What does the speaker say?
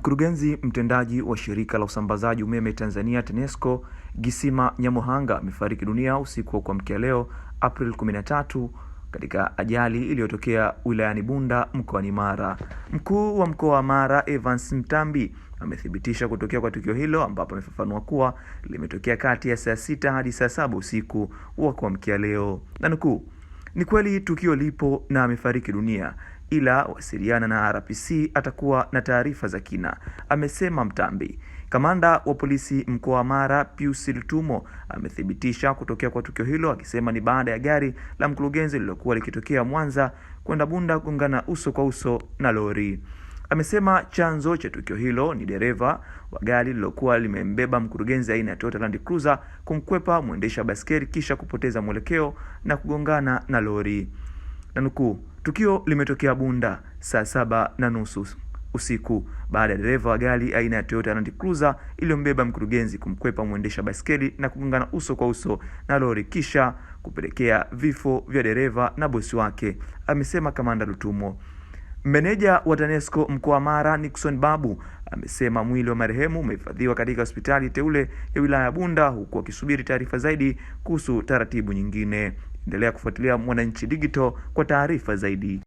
Mkurugenzi mtendaji wa shirika la usambazaji umeme Tanzania TANESCO Gissima Nyamohanga amefariki dunia usiku wa kuamkia leo Aprili 13 katika ajali iliyotokea wilayani Bunda mkoani Mara. Mkuu wa mkoa wa Mara Evans Mtambi amethibitisha kutokea kwa tukio hilo ambapo amefafanua kuwa limetokea kati ya saa sita hadi saa saba usiku wa kuamkia leo, na ni kweli tukio lipo na amefariki dunia ila wasiliana na RPC atakuwa na taarifa za kina, amesema Mtambi. Kamanda wa polisi mkoa wa Mara Pius Litumo amethibitisha kutokea kwa tukio hilo akisema ni baada ya gari la mkurugenzi lililokuwa likitokea Mwanza kwenda Bunda kugongana uso kwa uso na lori. Amesema chanzo cha tukio hilo ni dereva wa gari lililokuwa limembeba mkurugenzi aina ya Toyota Land Cruiser kumkwepa mwendesha baskeli kisha kupoteza mwelekeo na kugongana na lori na nukuu, tukio limetokea Bunda saa saba na nusu usiku baada ya dereva wa gari aina ya Toyota Land Cruiser iliyombeba mkurugenzi kumkwepa mwendesha baiskeli na kugongana uso kwa uso na lori kisha kupelekea vifo vya dereva na bosi wake, amesema Kamanda Lutumo. Meneja wa TANESCO mkoa wa Mara Nixon Babu amesema mwili wa marehemu umehifadhiwa katika hospitali teule ya wilaya ya Bunda huku akisubiri taarifa zaidi kuhusu taratibu nyingine. Endelea kufuatilia Mwananchi Digital kwa taarifa zaidi.